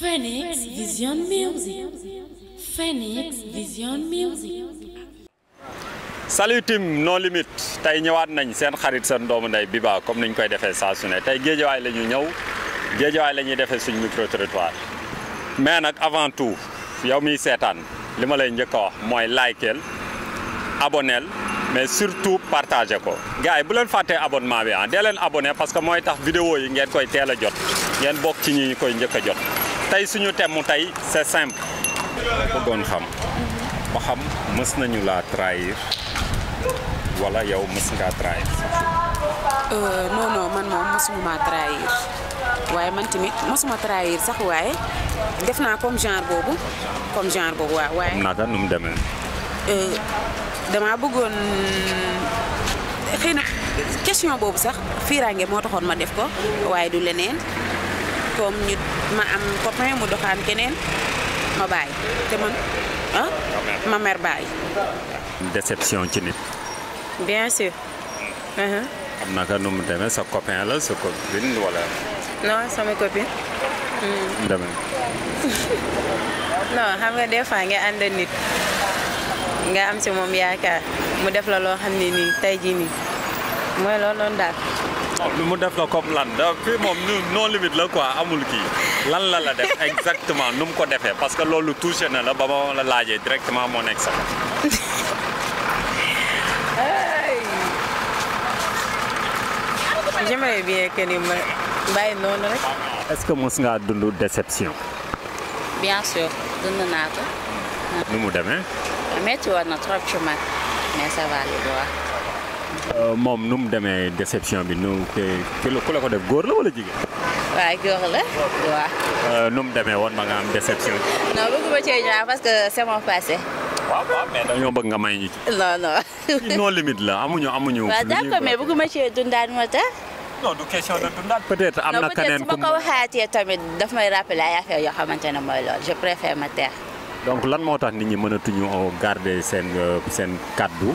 Phoenix Vision Music. Phoenix Vision Music. tey ñëwaat nañ seen xarit seen doomu ndey baax comme niñ koy defee saa su ne tey géejawaay la ñu ñëw géejawaay la ñuy defee suñ micro territoire mais nag avant tout yow miy seetaan li ma lay njëkk a wax mooy likeel aboneel mais surtout partagé ko gars yi bu leen fàttee abonnement bi ah dee leen parce que mooy tax vidéo yi ngeen koy teela jot ngeen bokk ci ñi ñu koy njëkk a jot tey suñu thème mu tey c'est simple. bëggoon xam ba xam mës nañu laa trahir wala yow mës ngaa trahir. Euh, non non man moom mësuma maa waaye man tamit mësuma trahir sax waaye def naa comme genre boobu comme genre boobu waaw waaye. xam naa demee. Euh, damaa bëggoon xëy na question boobu sax fiiraange moo taxoon ma def ko waaye du leneen. comme ñu ma am copain mu doxaan keneen ma bàyyi te man ah ma mer bàyyi. déception ci nit. bien sûr. xam mm. uh-huh. naka nu mu sa copain la sa copine non sama copine. Mm. demee. non xam nga des fois nga ànd nit nga am si moom yaakaar mu def la loo xam ne nii tey ji nii mooy loolu noonu daal. mu def la comme lan da fii moom non limite la quoi amul kii lan la la def exactement nu mu ko defee parce que loolu touché na la ba ma la laajee directement moo nekk sax. j'aimerais que ni noonu rek. est que mos ngaa dund déception. bien sûr dund naa nu mu demee. métti woon trop ci man mais ça va li Euh, moom nu mu demee déception bi nu te ku la ko def góor la wala jigéen. waaw góor la euh, nu mu demee woon ma nga am déception. non bëgguma cee ñëwaat parce que c'est mon passé. waaw bëgg nga may ci. non non. la amuñu amuñu. waaw d'accord mais bëgguma cee dundaat moo tax. non peut-être am na keneen ku ma ko tamit daf may rappeler ay affaire yoo xamante ne mooy loolu je préfère ma taire. donc lan moo tax nit ñi mënatuñu garder seen euh, seen kaddu.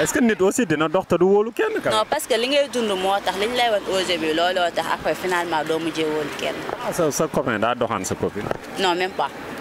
est que nit aussi dina dox te du wóolu kenn. non parce que li ngay dund moo tax li ñu lay wan au début looloo tax après finalement doo mujjee wóolu kenn. ah sa sa copain daa doxaan sa copine. non même